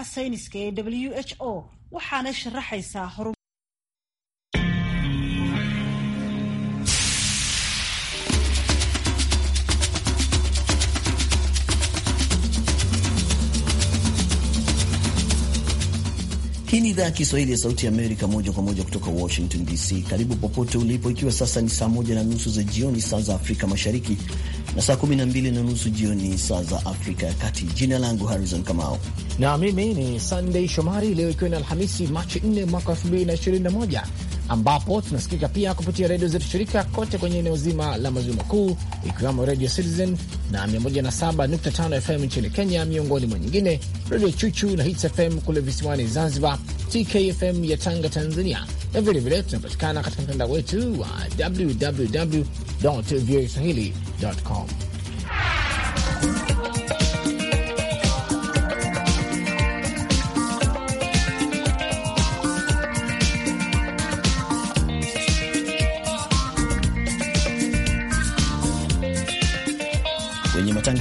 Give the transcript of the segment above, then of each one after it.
madaxa sayniska ee w h o waxaanay sharaxaysaa ni idhaa ya Kiswahili ya Sauti ya Amerika, moja kwa moja kutoka Washington DC. Karibu popote ulipo, ikiwa sasa ni saa moja na nusu za jioni saa za Afrika Mashariki na saa kumi na mbili na nusu jioni saa za Afrika ya Kati. Jina langu Harrison Kamau na mimi ni sandey Shomari. Leo ikiwa ni Alhamisi, Machi 4 mwaka 2021 ambapo tunasikika pia kupitia redio zetu shirika kote kwenye eneo zima la maziwa makuu ikiwemo redio Citizen na 107.5 FM nchini Kenya, miongoni mwa nyingine, redio Chuchu na Hits FM kule visiwani Zanzibar, TKFM ya Tanga, Tanzania, na vilevile tunapatikana katika mtandao wetu wa www voa swahili.com.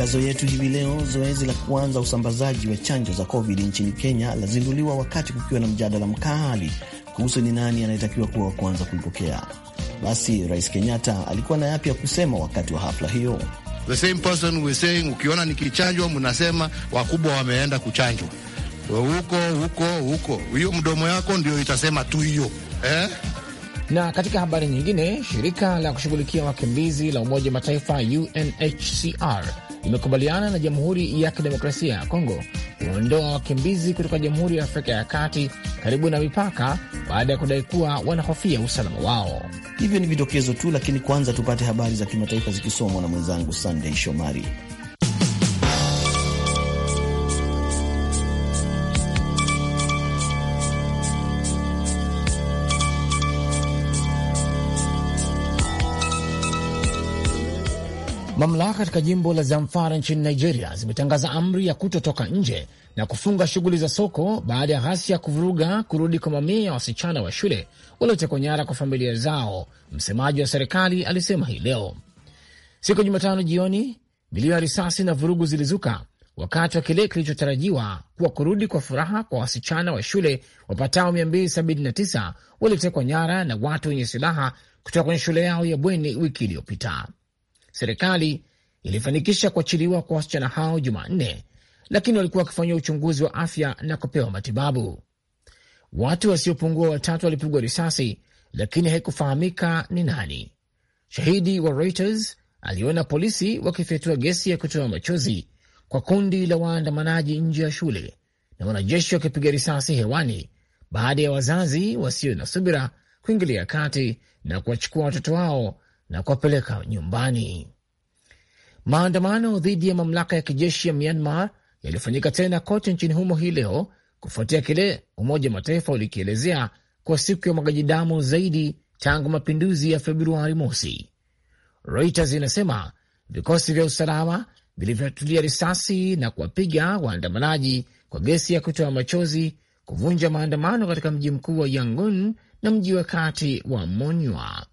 matangazo yetu hivi leo, zoezi la kuanza usambazaji wa chanjo za COVID nchini Kenya lazinduliwa wakati kukiwa na mjadala mkali kuhusu ni nani anayetakiwa kuwa wa kwanza kuipokea. Basi Rais Kenyatta alikuwa na yapi ya kusema wakati wa hafla hiyo. The same person we saying, ukiona nikichanjwa mnasema wakubwa wameenda kuchanjwa huko huko huko, hiyo mdomo yako ndio itasema tu hiyo eh? Na katika habari nyingine, shirika la kushughulikia wakimbizi la Umoja wa Mataifa UNHCR imekubaliana na Jamhuri ya Kidemokrasia ya Kongo kuondoa wakimbizi kutoka Jamhuri ya Afrika ya Kati karibu na mipaka baada ya kudai kuwa wanahofia usalama wao. Hivyo ni vidokezo tu, lakini kwanza tupate habari za kimataifa zikisomwa na mwenzangu Sandey Shomari. Mamlaka katika jimbo la Zamfara nchini Nigeria zimetangaza amri ya kutotoka nje na kufunga shughuli za soko baada ya ghasia ya kuvuruga kurudi kwa mamia ya wasichana wa shule waliotekwa nyara kwa familia zao. Msemaji wa serikali alisema hii leo. Siku ya Jumatano jioni, milio ya risasi na vurugu zilizuka wakati wa kile kilichotarajiwa kuwa kurudi kwa furaha kwa wasichana wa shule wapatao 279 waliotekwa nyara na watu wenye silaha kutoka kwenye shule yao ya bweni wiki iliyopita. Serikali ilifanikisha kuachiliwa kwa wasichana hao Jumanne, lakini walikuwa wakifanyiwa uchunguzi wa afya na kupewa matibabu. Watu wasiopungua watatu walipigwa risasi, lakini haikufahamika ni nani. Shahidi wa Reuters aliona polisi wakifyatua gesi ya kutoa machozi kwa kundi la waandamanaji nje ya shule na wanajeshi wakipiga risasi hewani baada ya wazazi wasio na subira kuingilia kati na kuwachukua watoto wao na kuwapeleka nyumbani. Maandamano dhidi ya mamlaka ya kijeshi ya Myanmar yalifanyika tena kote nchini humo hii leo kufuatia kile Umoja wa Mataifa ulikielezea kwa siku ya umwagaji damu zaidi tangu mapinduzi ya Februari mosi. Reuters inasema vikosi vya usalama vilivyotulia risasi na kuwapiga waandamanaji kwa gesi ya kutoa machozi, kuvunja maandamano katika mji mkuu wa Yangon na mji wa kati wa Monywa.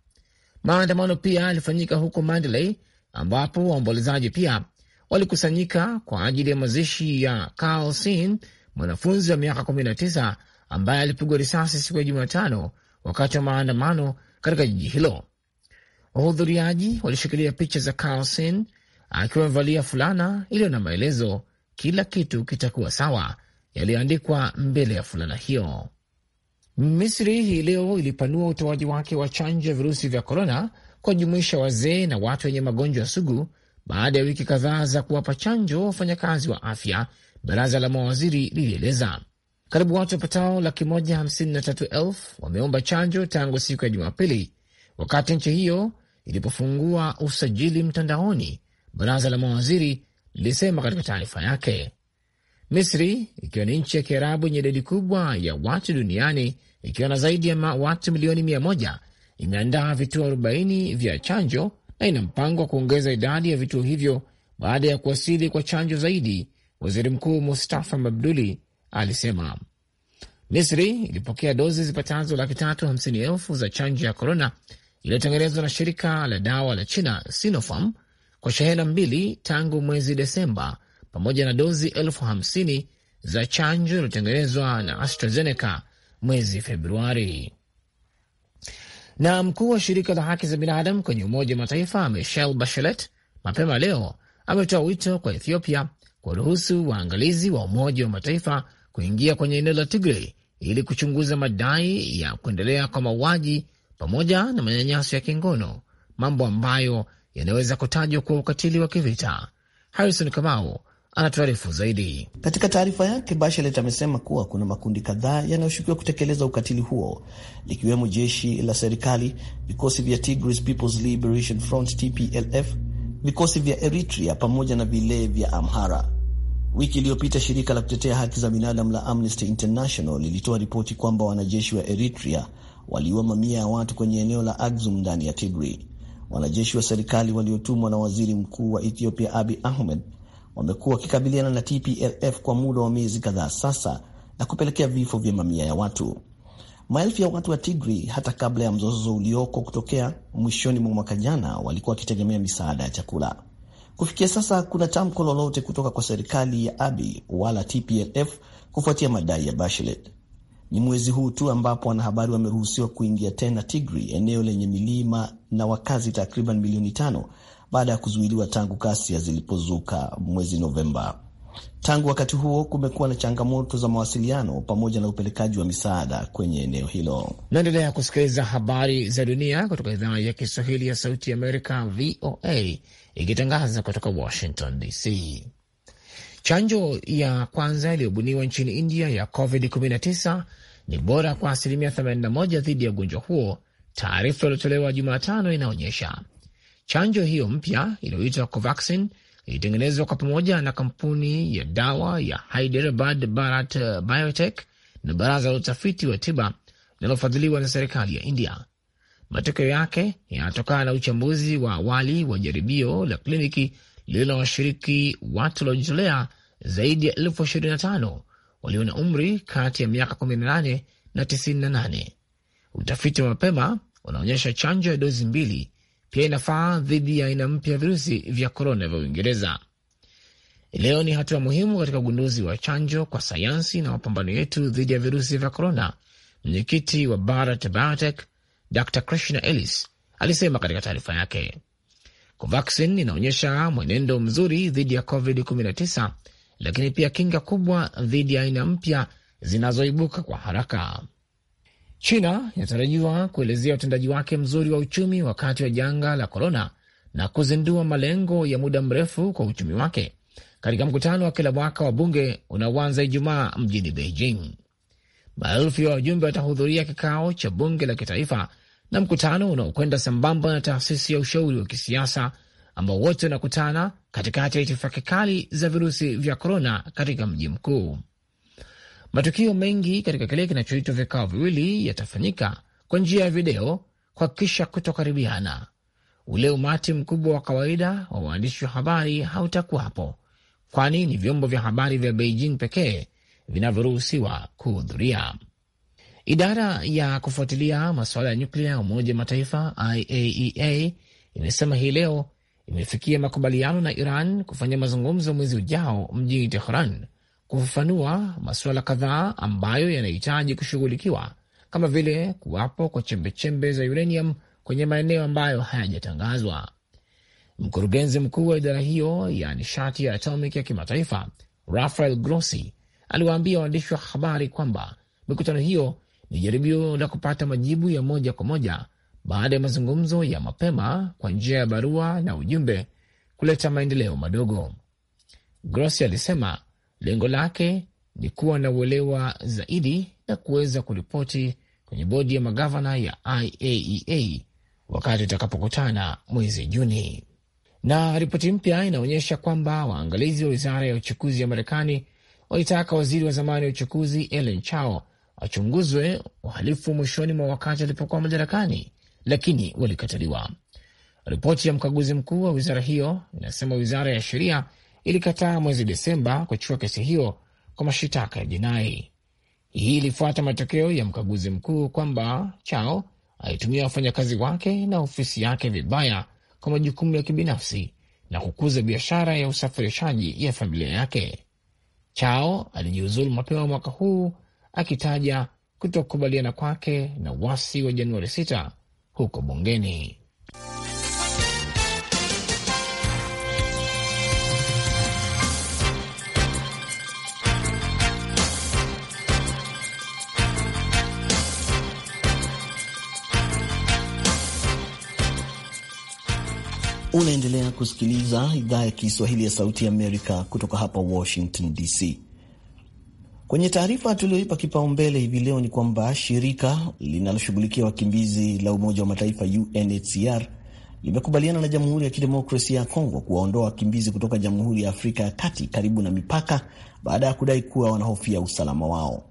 Maandamano pia yalifanyika huko Mandalay ambapo waombolezaji pia walikusanyika kwa ajili ya mazishi ya Carl Sin, mwanafunzi wa miaka 19 ambaye alipigwa risasi siku ya Jumatano wakati wa maandamano katika jiji hilo. Wahudhuriaji walishikilia picha za Carl Sin akiwa amevalia fulana iliyo na maelezo, kila kitu kitakuwa sawa, yaliyoandikwa mbele ya fulana hiyo. Misri hii leo ilipanua utoaji wake wa chanjo ya virusi vya korona kuwajumuisha wazee na watu wenye magonjwa sugu baada ya wiki kadhaa za kuwapa chanjo wafanyakazi wa afya, baraza la mawaziri lilieleza. Karibu watu wapatao laki moja hamsini na tatu elfu wameomba chanjo tangu siku ya Jumapili, wakati nchi hiyo ilipofungua usajili mtandaoni, baraza la mawaziri lilisema katika taarifa yake. Misri ikiwa ni nchi ya Kiarabu yenye idadi kubwa ya watu duniani ikiwa na zaidi ya watu milioni mia moja imeandaa vituo 40 vya chanjo na ina mpango wa kuongeza idadi ya vituo hivyo baada ya kuwasili kwa chanjo zaidi. Waziri Mkuu Mustafa Mabduli alisema Misri ilipokea dozi zipatazo laki tatu hamsini elfu za chanjo ya korona iliyotengenezwa na shirika la dawa la China Sinopharm kwa shehena mbili tangu mwezi Desemba pamoja na dozi elfu hamsini za chanjo iliyotengenezwa na AstraZeneca mwezi Februari. Na mkuu wa shirika la haki za binadamu kwenye Umoja wa Mataifa Michelle Bachelet mapema leo ametoa wito kwa Ethiopia kuwaruhusu waangalizi wa Umoja wa Mataifa kuingia kwenye eneo la Tigray ili kuchunguza madai ya kuendelea kwa mauaji pamoja na manyanyaso ya kingono, mambo ambayo yanaweza kutajwa kuwa ukatili wa kivita. Harrison Kamau anatuarifu zaidi. Katika taarifa yake, Bachelet amesema kuwa kuna makundi kadhaa yanayoshukiwa kutekeleza ukatili huo likiwemo jeshi la serikali, vikosi vya Tigray People's Liberation Front TPLF, vikosi vya Eritrea pamoja na vile vya Amhara. Wiki iliyopita shirika la kutetea haki za binadamu la Amnesty International lilitoa ripoti kwamba wanajeshi wa Eritrea waliua mamia ya watu kwenye eneo la Axum ndani ya tigri Wanajeshi wa serikali waliotumwa na waziri mkuu wa Ethiopia Abi Ahmed wamekuwa wakikabiliana na TPLF kwa muda wa miezi kadhaa sasa na kupelekea vifo vya mamia ya watu. Maelfu ya watu wa Tigri, hata kabla ya mzozo ulioko kutokea mwishoni mwa mwaka jana, walikuwa wakitegemea misaada ya chakula. Kufikia sasa kuna tamko lolote kutoka kwa serikali ya Abi wala TPLF kufuatia madai ya Bachelet. Ni mwezi huu tu ambapo wanahabari wameruhusiwa kuingia tena Tigri, eneo lenye milima na wakazi takriban milioni tano baada ya kuzuiliwa tangu ghasia zilipozuka mwezi Novemba. Tangu wakati huo kumekuwa na changamoto za mawasiliano pamoja na upelekaji wa misaada kwenye eneo hilo. Naendelea kusikiliza habari za dunia kutoka idhaa ya Kiswahili ya Sauti Amerika, VOA, ikitangaza kutoka Washington DC. Chanjo ya kwanza iliyobuniwa nchini India ya COVID-19 ni bora kwa asilimia 81 dhidi ya ugonjwa huo, taarifa iliyotolewa Jumatano inaonyesha Chanjo hiyo mpya inayoitwa Covaxin ilitengenezwa kwa pamoja na kampuni ya dawa ya Hyderabad Bharat Biotech na baraza la utafiti wa tiba linalofadhiliwa na serikali ya India. Matokeo yake yanatokana na uchambuzi wa awali wa jaribio la kliniki washiriki watu waliojitolea zaidi ya elfu ishirini na tano walio na umri kati ya miaka 18 na 98. Utafiti wa mapema unaonyesha chanjo ya dozi mbili pia inafaa dhidi ya aina mpya ya virusi vya korona vya Uingereza. Leo ni hatua muhimu katika ugunduzi wa chanjo kwa sayansi na mapambano yetu dhidi ya virusi vya korona, mwenyekiti wa Bharat Biotech Dr Krishna Ellis alisema katika taarifa yake. Covaxin inaonyesha mwenendo mzuri dhidi ya COVID-19, lakini pia kinga kubwa dhidi ya aina mpya zinazoibuka kwa haraka. China inatarajiwa kuelezea utendaji wake mzuri wa uchumi wakati wa janga la korona na kuzindua malengo ya muda mrefu kwa uchumi wake katika mkutano wa kila mwaka wa bunge unaoanza Ijumaa mjini Beijing. Maelfu ya wajumbe watahudhuria kikao cha bunge la kitaifa na mkutano unaokwenda sambamba na taasisi ya ushauri wa kisiasa ambao wote wanakutana katikati ya itifaki kali za virusi vya korona katika mji mkuu. Matukio mengi katika kile kinachoitwa vikao viwili yatafanyika kwa njia ya video kuhakikisha kutokaribiana. Ule umati mkubwa wa kawaida wa waandishi wa habari hautakuwapo, kwani ni vyombo vya habari vya Beijing pekee vinavyoruhusiwa kuhudhuria. Idara ya kufuatilia masuala ya nyuklia ya Umoja wa Mataifa, IAEA, e imesema hii leo imefikia makubaliano na Iran kufanya mazungumzo mwezi ujao mjini Tehran kufafanua masuala kadhaa ambayo yanahitaji kushughulikiwa kama vile kuwapo kwa chembechembe za uranium kwenye maeneo ambayo hayajatangazwa. Mkurugenzi mkuu wa idara hiyo ya nishati ya atomic ya kimataifa Rafael Grossi aliwaambia waandishi wa habari kwamba mikutano hiyo ni jaribio la kupata majibu ya moja kwa moja baada ya mazungumzo ya mapema kwa njia ya barua na ujumbe kuleta maendeleo madogo. Grossi alisema Lengo lake ni kuwa na uelewa zaidi na kuweza kuripoti kwenye bodi ya magavana ya IAEA e wakati itakapokutana mwezi Juni. Na ripoti mpya inaonyesha kwamba waangalizi wa wizara ya uchukuzi ya Marekani walitaka waziri wa zamani wa uchukuzi Ellen Chao achunguzwe uhalifu mwishoni mwa wakati alipokuwa madarakani, lakini walikataliwa. Ripoti ya mkaguzi mkuu wa wizara hiyo inasema wizara ya sheria ilikataa mwezi Desemba kuchukua kesi hiyo kwa mashitaka ya jinai. Hii ilifuata matokeo ya mkaguzi mkuu kwamba Chao alitumia wafanyakazi wake na ofisi yake vibaya kwa majukumu ya kibinafsi na kukuza biashara ya usafirishaji ya familia yake. Chao alijiuzulu mapema mwaka huu akitaja kutokubaliana kwake na wasi wa Januari 6 huko bungeni. Unaendelea kusikiliza idhaa ya Kiswahili ya Sauti ya Amerika kutoka hapa Washington DC. Kwenye taarifa tulioipa kipaumbele hivi leo ni kwamba shirika linaloshughulikia wakimbizi la Umoja wa Mataifa UNHCR limekubaliana na Jamhuri ya Kidemokrasia ya Kongo kuwaondoa wakimbizi kutoka Jamhuri ya Afrika ya Kati karibu na mipaka baada ya kudai kuwa wanahofia usalama wao.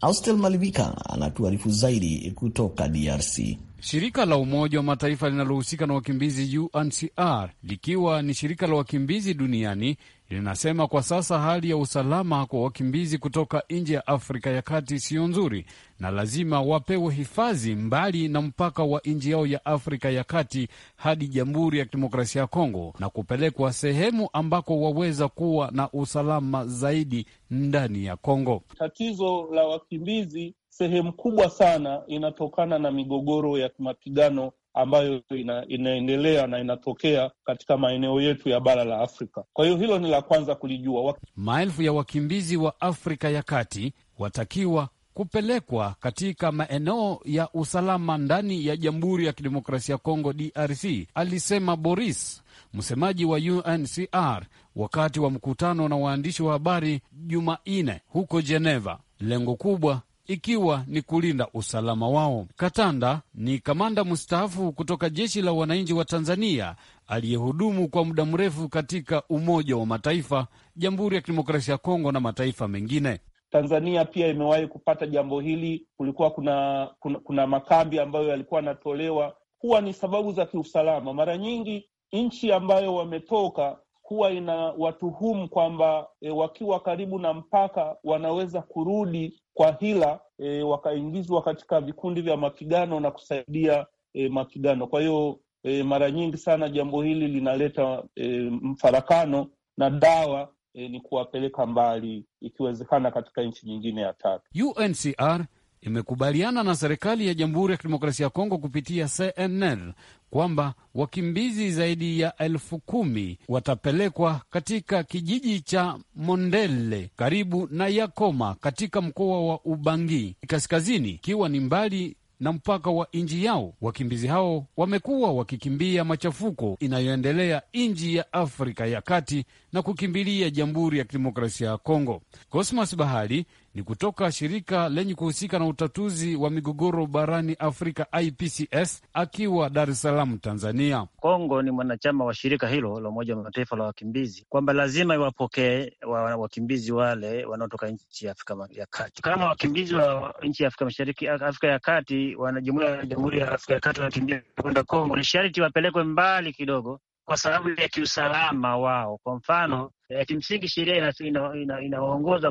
Austel Malivika anatuarifu zaidi kutoka DRC. Shirika la Umoja wa Mataifa linalohusika na wakimbizi UNHCR likiwa ni shirika la wakimbizi duniani linasema kwa sasa hali ya usalama kwa wakimbizi kutoka nje ya Afrika ya Kati siyo nzuri na lazima wapewe hifadhi mbali na mpaka wa nchi yao ya Afrika ya Kati hadi Jamhuri ya Kidemokrasia ya Kongo na kupelekwa sehemu ambako waweza kuwa na usalama zaidi ndani ya Kongo. Tatizo la wakimbizi sehemu kubwa sana inatokana na migogoro ya mapigano ambayo ina, inaendelea na inatokea katika maeneo yetu ya bara la Afrika. Kwa hiyo hilo ni la kwanza kulijua. Maelfu ya wakimbizi wa Afrika ya Kati watakiwa kupelekwa katika maeneo ya usalama ndani ya Jamhuri ya Kidemokrasia ya Kongo, DRC, alisema Boris, msemaji wa UNHCR wakati wa mkutano na waandishi wa habari Jumanne huko Geneva. Lengo kubwa ikiwa ni kulinda usalama wao. Katanda ni kamanda mstaafu kutoka jeshi la wananchi wa Tanzania aliyehudumu kwa muda mrefu katika Umoja wa Mataifa, Jamhuri ya Kidemokrasia ya Kongo na mataifa mengine. Tanzania pia imewahi kupata jambo hili. Kulikuwa kuna, kuna, kuna makambi ambayo yalikuwa yanatolewa, huwa ni sababu za kiusalama. Mara nyingi nchi ambayo wametoka huwa inawatuhumu kwamba e, wakiwa karibu na mpaka wanaweza kurudi kwa hila e, wakaingizwa katika vikundi vya mapigano na kusaidia e, mapigano. Kwa hiyo e, mara nyingi sana jambo hili linaleta e, mfarakano na dawa e, ni kuwapeleka mbali ikiwezekana katika nchi nyingine ya tatu. UNHCR imekubaliana na serikali ya Jamhuri ya Kidemokrasia ya Kongo kupitia CNL kwamba wakimbizi zaidi ya elfu kumi watapelekwa katika kijiji cha Mondele karibu na Yakoma katika mkoa wa Ubangi kaskazini, ikiwa ni mbali na mpaka wa nchi yao. Wakimbizi hao wamekuwa wakikimbia machafuko inayoendelea nchi ya Afrika ya Kati na kukimbilia Jamhuri ya Kidemokrasia ya Kongo. Cosmas Bahali ni kutoka shirika lenye kuhusika na utatuzi wa migogoro barani Afrika, IPCS, akiwa Dar es Salaam, Tanzania. Kongo ni mwanachama wa shirika hilo la Umoja wa Mataifa la wakimbizi, kwamba lazima iwapokee wakimbizi wale wanaotoka nchi ya Afrika ya Kati kama wakimbizi wa nchi ya Afrika Mashariki, Afrika ya Kati, wanajumuia ya Jamhuri ya Afrika ya Kati wanakimbia kwenda Kongo, ni sharti wapelekwe mbali kidogo kwa sababu ya kiusalama wao. Kwa mfano ya kimsingi sheria ina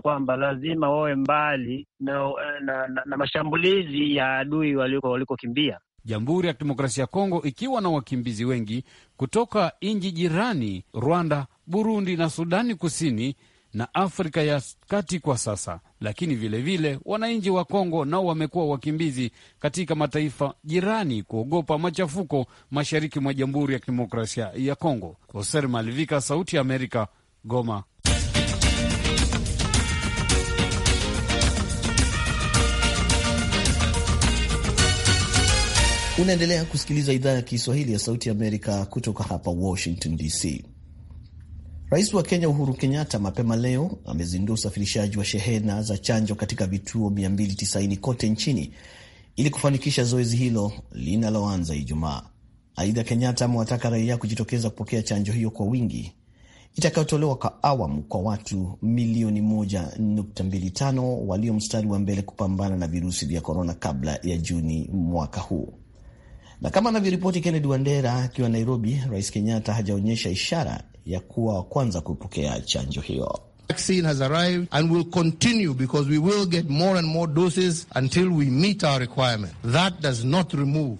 kwamba lazima wawe mbali na, na, na, na mashambulizi ya adui walikokimbia. Jamhuri ya Kidemokrasia ya Kongo ikiwa na wakimbizi wengi kutoka nchi jirani Rwanda, Burundi na Sudani Kusini na Afrika ya kati kwa sasa, lakini vilevile wananchi wa Kongo nao wamekuwa wakimbizi katika mataifa jirani kuogopa machafuko mashariki mwa Jamhuri ya Kidemokrasia ya Kongo. Hoser Malivika, Sauti ya Amerika, Goma. Unaendelea kusikiliza idhaa ya Kiswahili ya Sauti ya Amerika kutoka hapa Washington DC. Rais wa Kenya Uhuru Kenyatta mapema leo amezindua usafirishaji wa shehena za chanjo katika vituo 290 kote nchini ili kufanikisha zoezi hilo linaloanza Ijumaa. Aidha, Kenyatta amewataka raia kujitokeza kupokea chanjo hiyo kwa wingi itakayotolewa kwa awamu kwa watu milioni 1.25 walio mstari wa mbele kupambana na virusi vya korona kabla ya Juni mwaka huu. Na kama anavyoripoti Kennedy Wandera akiwa Nairobi, Rais Kenyatta hajaonyesha ishara ya kuwa wa kwanza kupokea chanjo hiyo. Vaccine has arrived and will continue because we will get more and more doses until we meet our requirement. That does not remove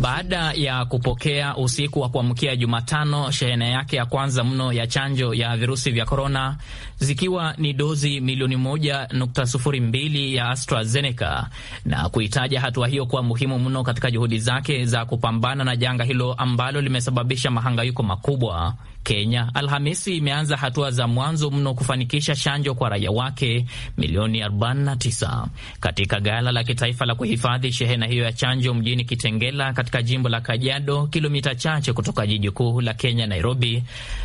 baada ya kupokea usiku wa kuamkia Jumatano shehena yake ya kwanza mno ya chanjo ya virusi vya korona, zikiwa ni dozi milioni moja nukta sufuri mbili ya AstraZeneca na kuitaja hatua hiyo kuwa muhimu mno katika juhudi zake za kupambana na janga hilo ambalo limesababisha mahangayiko makubwa Kenya Alhamisi imeanza hatua za mwanzo mno kufanikisha chanjo kwa raia wake milioni 49 katika gala la kitaifa la kuhifadhi shehena hiyo ya chanjo mjini Kitengela katika jimbo la Kajiado, kilomita chache kutoka jiji kuu la Kenya, Nairobi.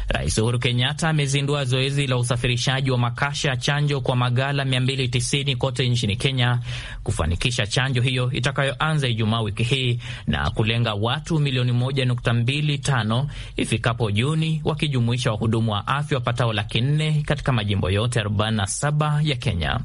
Rais Uhuru Kenyatta amezindua zoezi la usafirishaji wa makasha ya chanjo kwa magala 290 kote nchini Kenya kufanikisha chanjo hiyo itakayoanza Ijumaa wiki hii na kulenga watu milioni 1.25 ifikapo Juni wakijumuisha wahudumu wa afya wapatao laki nne katika majimbo yote 47 ya Kenya.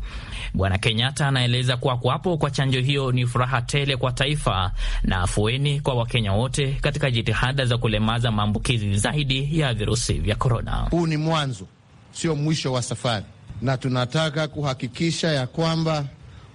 Bwana Kenyatta anaeleza kuwa kuwapo kwa chanjo hiyo ni furaha tele kwa taifa na afueni kwa Wakenya wote katika jitihada za kulemaza maambukizi zaidi ya virusi vya korona. Huu ni mwanzo, sio mwisho wa safari, na tunataka kuhakikisha ya kwamba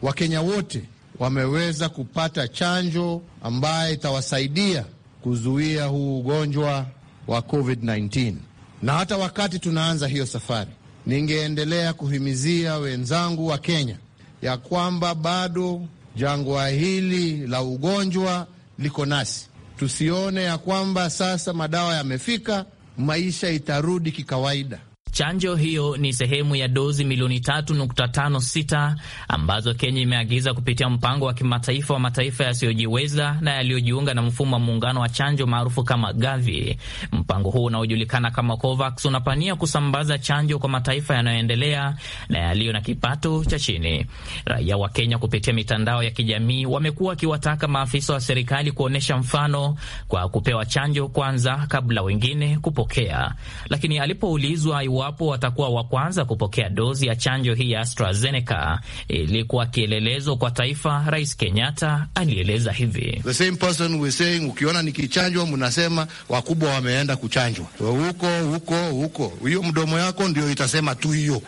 Wakenya wote wameweza kupata chanjo ambayo itawasaidia kuzuia huu ugonjwa wa COVID-19. Na hata wakati tunaanza hiyo safari, ningeendelea kuhimizia wenzangu wa Kenya ya kwamba bado jangwa hili la ugonjwa liko nasi. Tusione ya kwamba sasa madawa yamefika, maisha itarudi kikawaida. Chanjo hiyo ni sehemu ya dozi milioni 3.56 ambazo Kenya imeagiza kupitia mpango wa kimataifa wa mataifa yasiyojiweza na yaliyojiunga na mfumo wa muungano wa chanjo maarufu kama Gavi. Mpango huu unaojulikana kama COVAX unapania kusambaza chanjo kwa mataifa yanayoendelea na yaliyo na kipato cha chini. Raia wa Kenya kupitia mitandao ya kijamii wamekuwa wakiwataka maafisa wa serikali kuonyesha mfano kwa kupewa chanjo kwanza kabla wengine kupokea, lakini alipoulizwa iwapo watakuwa wa kwanza kupokea dozi ya chanjo hii ya AstraZeneca. Ilikuwa kielelezo kwa taifa, Rais Kenyatta alieleza hivi: The same person we ukiona nikichanjwa mnasema wakubwa wameenda kuchanjwa huko huko huko, hiyo mdomo yako ndio itasema tu hiyo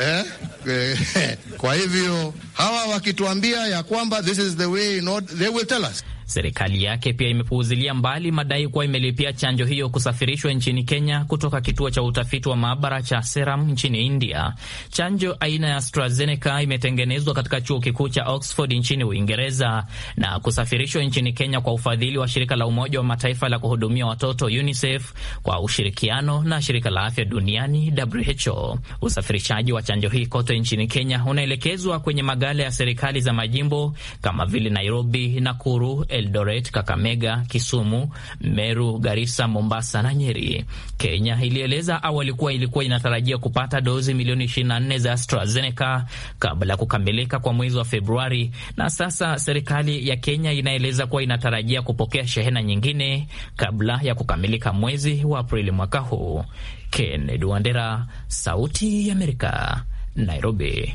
Eh, eh, kwa hivyo hawa wakituambia ya kwamba this is the way, they will tell us. Serikali yake pia imepuuzilia mbali madai kuwa imelipia chanjo hiyo kusafirishwa nchini Kenya kutoka kituo cha utafiti wa maabara cha Serum nchini India. Chanjo aina ya AstraZeneca imetengenezwa katika chuo kikuu cha Oxford nchini Uingereza na kusafirishwa nchini Kenya kwa ufadhili wa shirika la Umoja wa Mataifa la kuhudumia watoto UNICEF kwa ushirikiano na shirika la afya duniani WHO. Usafirishaji wa chanjo hii kote nchini Kenya unaelekezwa kwenye magala ya serikali za majimbo kama vile Nairobi, Nakuru, Eldoret, Kakamega, Kisumu, Meru, Garissa, Mombasa na Nyeri. Kenya ilieleza awali kuwa ilikuwa inatarajia kupata dozi milioni 24 za AstraZeneca kabla ya kukamilika kwa mwezi wa Februari, na sasa serikali ya Kenya inaeleza kuwa inatarajia kupokea shehena nyingine kabla ya kukamilika mwezi wa Aprili mwaka huu. Kennedy Wandera, Sauti ya Amerika, Nairobi.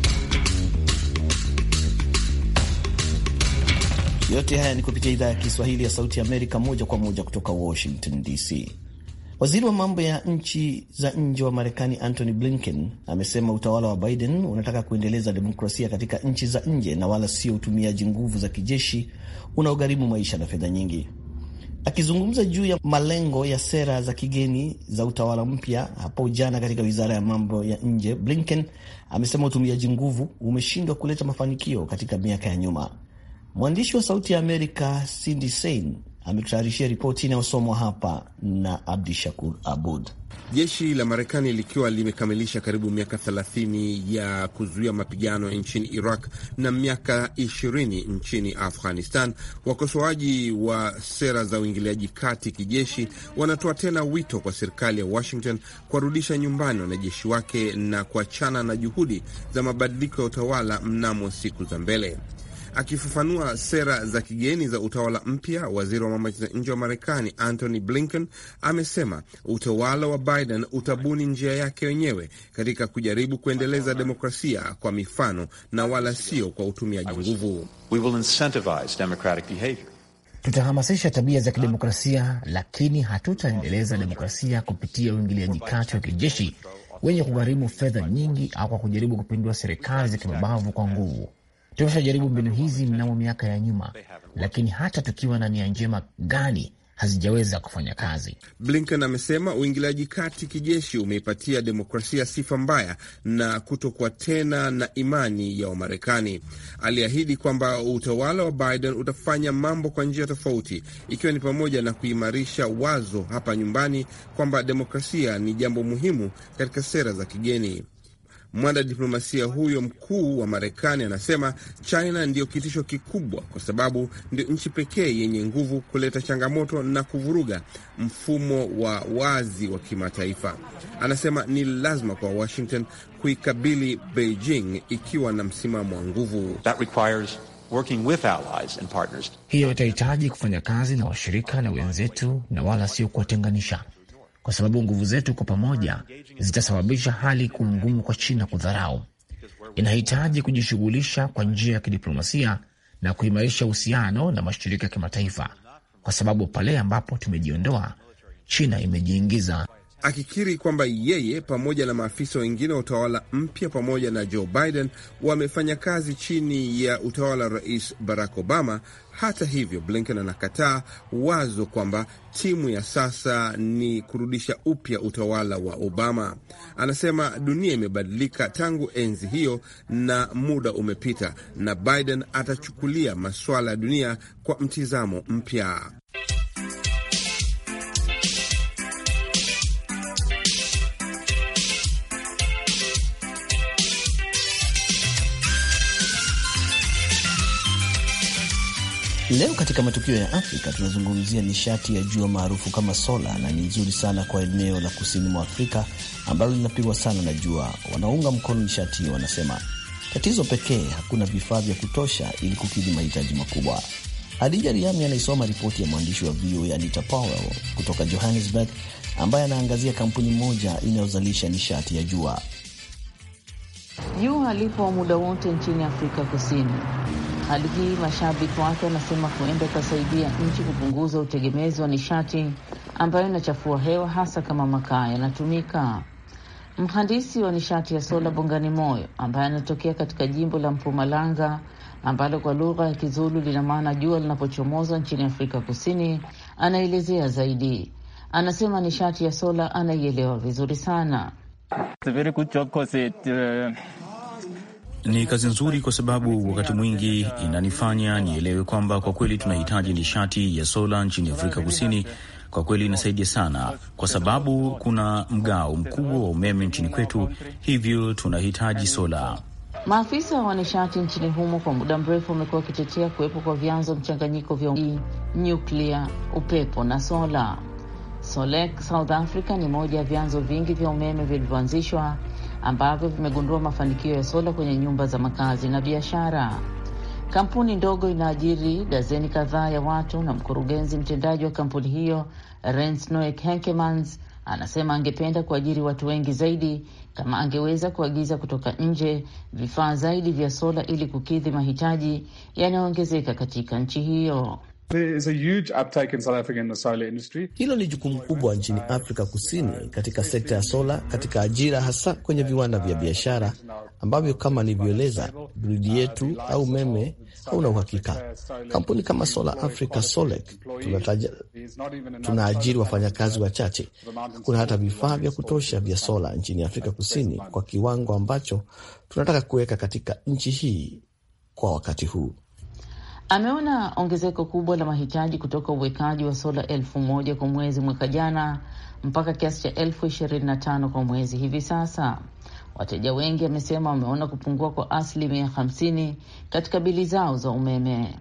Yote haya ni kupitia idhaa ya Kiswahili ya Sauti ya Amerika, moja kwa moja kutoka Washington DC. Waziri wa mambo ya nchi za nje wa Marekani Antony Blinken amesema utawala wa Biden unataka kuendeleza demokrasia katika nchi za nje na wala sio utumiaji nguvu za kijeshi unaogharimu maisha na fedha nyingi. Akizungumza juu ya malengo ya sera za kigeni za utawala mpya hapo jana katika wizara ya mambo ya nje, Blinken amesema utumiaji nguvu umeshindwa kuleta mafanikio katika miaka ya nyuma. Mwandishi wa Sauti ya Amerika Cindy Sein ametayarishia ripoti inayosomwa hapa na Abdi Shakur Abud. Jeshi la Marekani likiwa limekamilisha karibu miaka 30 ya kuzuia mapigano nchini Iraq na miaka 20 nchini Afghanistan, wakosoaji wa sera za uingiliaji kati kijeshi wanatoa tena wito kwa serikali ya Washington kuwarudisha nyumbani wanajeshi wake na kuachana na juhudi za mabadiliko ya utawala mnamo siku za mbele. Akifafanua sera za kigeni za utawala mpya, waziri wa mambo ya nje wa Marekani Antony Blinken amesema utawala wa Biden utabuni njia yake wenyewe katika kujaribu kuendeleza demokrasia kwa mifano na wala sio kwa utumiaji nguvu. Tutahamasisha tabia za kidemokrasia, lakini hatutaendeleza demokrasia kupitia uingiliaji kati wa kijeshi wenye kugharimu fedha nyingi au kwa kujaribu kupindua serikali za kimabavu kwa nguvu. Tumeshajaribu mbinu hizi mnamo miaka ya nyuma, lakini hata tukiwa na nia njema gani hazijaweza kufanya kazi. Blinken amesema uingiliaji kati kijeshi umeipatia demokrasia sifa mbaya na kutokuwa tena na imani ya Wamarekani. Aliahidi kwamba utawala wa Biden utafanya mambo kwa njia tofauti, ikiwa ni pamoja na kuimarisha wazo hapa nyumbani kwamba demokrasia ni jambo muhimu katika sera za kigeni. Mwanadiplomasia huyo mkuu wa Marekani anasema China ndiyo kitisho kikubwa, kwa sababu ndio nchi pekee yenye nguvu kuleta changamoto na kuvuruga mfumo wa wazi wa kimataifa. Anasema ni lazima kwa Washington kuikabili Beijing ikiwa na msimamo wa nguvu. Hiyo itahitaji kufanya kazi na washirika na wenzetu, na wala sio kuwatenganisha kwa sababu nguvu zetu kwa pamoja zitasababisha hali kuwa ngumu kwa China kudharau. Inahitaji kujishughulisha kwa njia ya kidiplomasia na kuimarisha uhusiano na mashirika ya kimataifa, kwa sababu pale ambapo tumejiondoa, China imejiingiza akikiri kwamba yeye pamoja na maafisa wengine wa utawala mpya pamoja na Joe Biden wamefanya kazi chini ya utawala wa Rais Barack Obama. Hata hivyo, Blinken anakataa wazo kwamba timu ya sasa ni kurudisha upya utawala wa Obama. Anasema dunia imebadilika tangu enzi hiyo na muda umepita, na Biden atachukulia masuala ya dunia kwa mtizamo mpya. Leo katika matukio ya Afrika tunazungumzia nishati ya jua maarufu kama sola, na ni nzuri sana kwa eneo la kusini mwa Afrika ambalo linapigwa sana na jua. Wanaunga mkono nishati hiyo wanasema tatizo pekee, hakuna vifaa vya kutosha ili kukidhi mahitaji makubwa. Hadija Riami anaisoma ripoti ya mwandishi wa VOA Anita Powell kutoka Johannesburg, ambaye anaangazia kampuni moja inayozalisha nishati ya jua. Jua halipo muda wote nchini Afrika Kusini. Hali hii mashabiki wake wanasema huenda ikasaidia nchi kupunguza utegemezi wa nishati ambayo inachafua hewa, hasa kama makaa yanatumika. Mhandisi wa nishati ya sola Bongani Moyo, ambaye anatokea katika jimbo la Mpumalanga ambalo kwa lugha ya Kizulu lina maana jua linapochomoza nchini Afrika Kusini, anaelezea zaidi. Anasema nishati ya sola anaielewa vizuri sana. It's very good job ni kazi nzuri kwa sababu wakati mwingi inanifanya nielewe kwamba kwa kweli tunahitaji nishati ya sola nchini Afrika Kusini. Kwa kweli inasaidia sana, kwa sababu kuna mgao mkubwa wa umeme nchini kwetu, hivyo tunahitaji sola. Maafisa wa nishati nchini humo kwa muda mrefu wamekuwa wakitetea kuwepo kwa vyanzo mchanganyiko vya nyuklia, upepo na sola. Solek South Africa ni moja ya vyanzo vingi vya umeme vilivyoanzishwa ambavyo vimegundua mafanikio ya sola kwenye nyumba za makazi na biashara. Kampuni ndogo inaajiri dazeni kadhaa ya watu, na mkurugenzi mtendaji wa kampuni hiyo Rensnoek Henkemans anasema angependa kuajiri watu wengi zaidi kama angeweza kuagiza kutoka nje vifaa zaidi vya sola ili kukidhi mahitaji yanayoongezeka katika nchi hiyo. Hilo ni jukumu kubwa nchini Afrika Kusini katika sekta ya sola, katika ajira, hasa kwenye viwanda vya biashara ambavyo kama nilivyoeleza, gridi yetu au umeme hauna uhakika. Kampuni kama Sola Africa Solec tunaajiri wafanyakazi wachache. Hakuna hata vifaa vya kutosha vya sola nchini Afrika Kusini kwa kiwango ambacho tunataka kuweka katika nchi hii kwa wakati huu ameona ongezeko kubwa la mahitaji kutoka uwekaji wa sola elfu moja kwa mwezi mwaka jana mpaka kiasi cha elfu ishirini na tano kwa mwezi hivi sasa. Wateja wengi amesema wameona kupungua kwa asilimia 50 katika bili zao za umeme.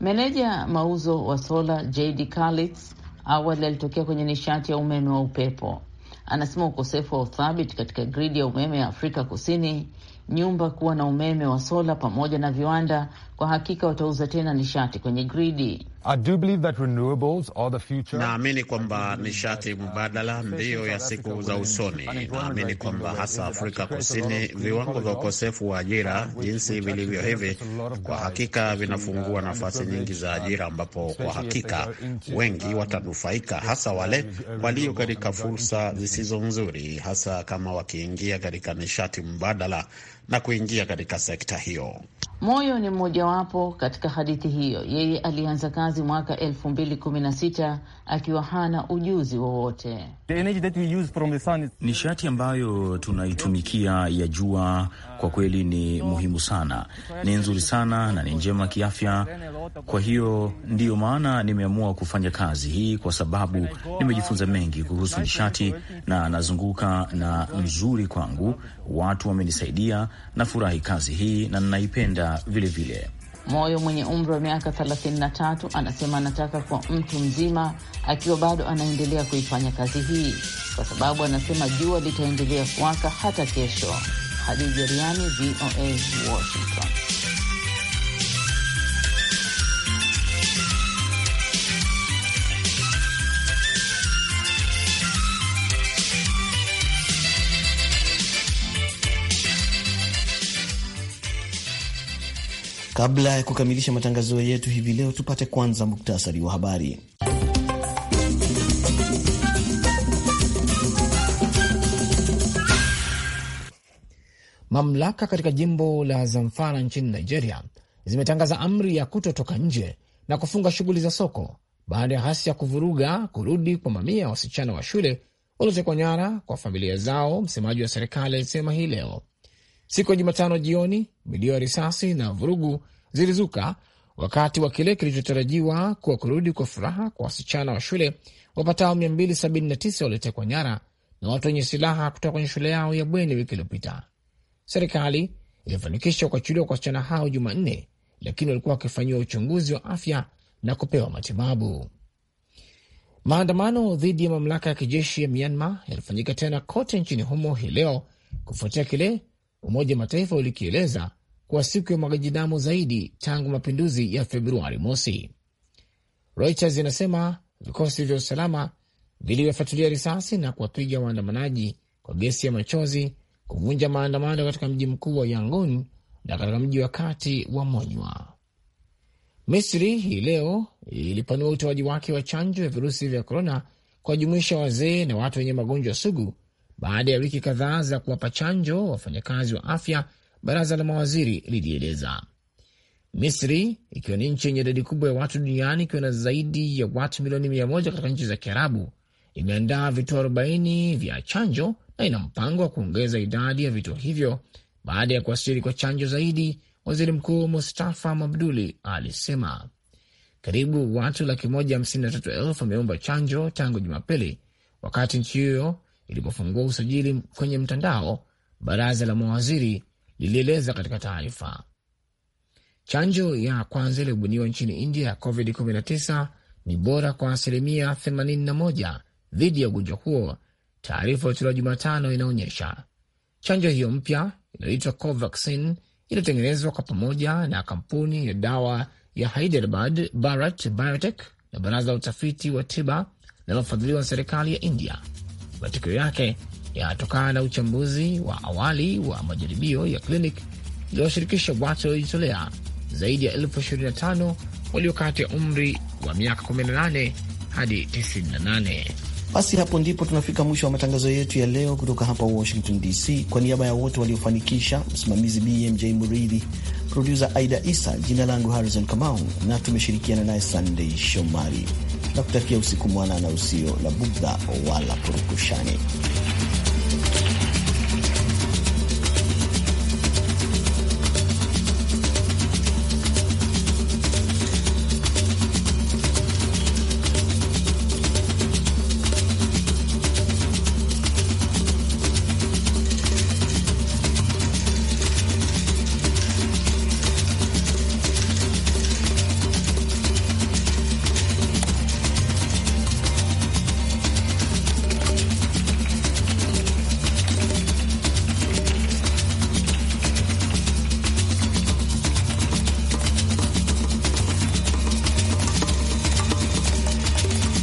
Meneja mauzo wa sola JD Kalitz awali alitokea kwenye nishati ya umeme wa upepo. Anasema ukosefu wa uthabiti katika gridi ya umeme ya Afrika Kusini nyumba kuwa na umeme wa sola pamoja na viwanda, kwa hakika watauza tena nishati kwenye gridi. Naamini kwamba nishati mbadala ndiyo ya siku za usoni. Naamini kwamba hasa Afrika Kusini, viwango vya ukosefu wa ajira jinsi vilivyo hivi, kwa hakika vinafungua nafasi nyingi za ajira, ambapo kwa hakika wengi watanufaika, hasa wale walio katika fursa zisizo nzuri, hasa kama wakiingia katika nishati mbadala na kuingia katika sekta hiyo. Moyo ni mmojawapo katika hadithi hiyo. Yeye alianza kazi kazi mwaka sita akiwa hana ujuzi wowote. Nishati ambayo tunaitumikia ya jua kwa kweli ni muhimu sana, ni nzuri sana na ni njema kiafya. Kwa hiyo ndiyo maana nimeamua kufanya kazi hii, kwa sababu nimejifunza mengi kuhusu nishati na nazunguka na mzuri kwangu, watu wamenisaidia. Nafurahi kazi hii na ninaipenda vilevile. Moyo mwenye umri wa miaka 33 anasema anataka kuwa mtu mzima akiwa bado anaendelea kuifanya kazi hii, kwa sababu anasema jua litaendelea kuwaka hata kesho. Hadija Riani, VOA, Washington. Kabla ya kukamilisha matangazo yetu hivi leo, tupate kwanza muktasari wa habari. Mamlaka katika jimbo la Zamfara nchini Nigeria zimetangaza amri ya kutotoka nje na kufunga shughuli za soko baada ya ghasia kuvuruga kurudi kwa mamia ya wasichana wa shule waliotekwa nyara kwa familia zao. Msemaji wa serikali alisema hii leo Siku ya Jumatano jioni, milio ya risasi na vurugu zilizuka wakati wa kile kilichotarajiwa kuwa kurudi kwa furaha kwa wasichana wa shule wapatao 279 waliotekwa nyara na watu wenye silaha kutoka kwenye shule yao ya bweni wiki iliyopita. Serikali ilifanikisha kuachiliwa kwa wasichana hao Jumanne, lakini walikuwa wakifanyiwa uchunguzi wa afya na kupewa matibabu. Maandamano dhidi ya mamlaka ya kijeshi ya Myanmar yalifanyika tena kote nchini humo hii leo kufuatia kile Umoja wa Mataifa ulikieleza kuwa siku ya mwagaji damu zaidi tangu mapinduzi ya Februari mosi. Reuters inasema vikosi vya usalama viliwafyatulia risasi na kuwapiga waandamanaji kwa gesi ya machozi, kuvunja maandamano katika mji mkuu wa Yangon na katika mji wa kati wa Monywa. Misri hii leo ilipanua utoaji wake wa chanjo ya virusi vya korona kuwajumuisha wazee na watu wenye magonjwa sugu baada ya wiki kadhaa za kuwapa chanjo wafanyakazi wa afya, baraza la mawaziri lilieleza. Misri ikiwa ni nchi yenye idadi kubwa ya watu duniani ikiwa na zaidi ya watu milioni mia moja katika nchi za Kiarabu, imeandaa vituo arobaini vya chanjo na ina mpango wa kuongeza idadi ya vituo hivyo baada ya kuwasili kwa chanjo zaidi. Waziri Mkuu Mustafa Mabduli alisema karibu watu laki moja hamsini na tatu elfu wameomba chanjo tangu Jumapili, wakati nchi hiyo ilipofungua usajili kwenye mtandao, baraza la mawaziri lilieleza katika taarifa. Chanjo ya kwanza iliyobuniwa nchini India ya COVID-19 ni bora kwa asilimia 81 dhidi ya ugonjwa huo, taarifa iliotolewa Jumatano inaonyesha. Chanjo hiyo mpya inayoitwa Covaxin iliyotengenezwa kwa pamoja na kampuni ya dawa ya Hyderabad Bharat Biotech na baraza la utafiti wa tiba linalofadhiliwa na serikali ya India Matokeo yake yanatokana na uchambuzi wa awali wa majaribio ya kliniki iliyoshirikisha watu waliojitolea zaidi ya elfu 25 walio kati ya umri wa miaka 18 hadi 98. Basi hapo ndipo tunafika mwisho wa matangazo yetu ya leo kutoka hapa Washington DC. Kwa niaba ya wote waliofanikisha, msimamizi BMJ Muridhi, produsa Aida Isa, jina langu Harrison Kamau na tumeshirikiana naye Sandey Shomari na kutakia usiku na usio na bugdha wala purukushani.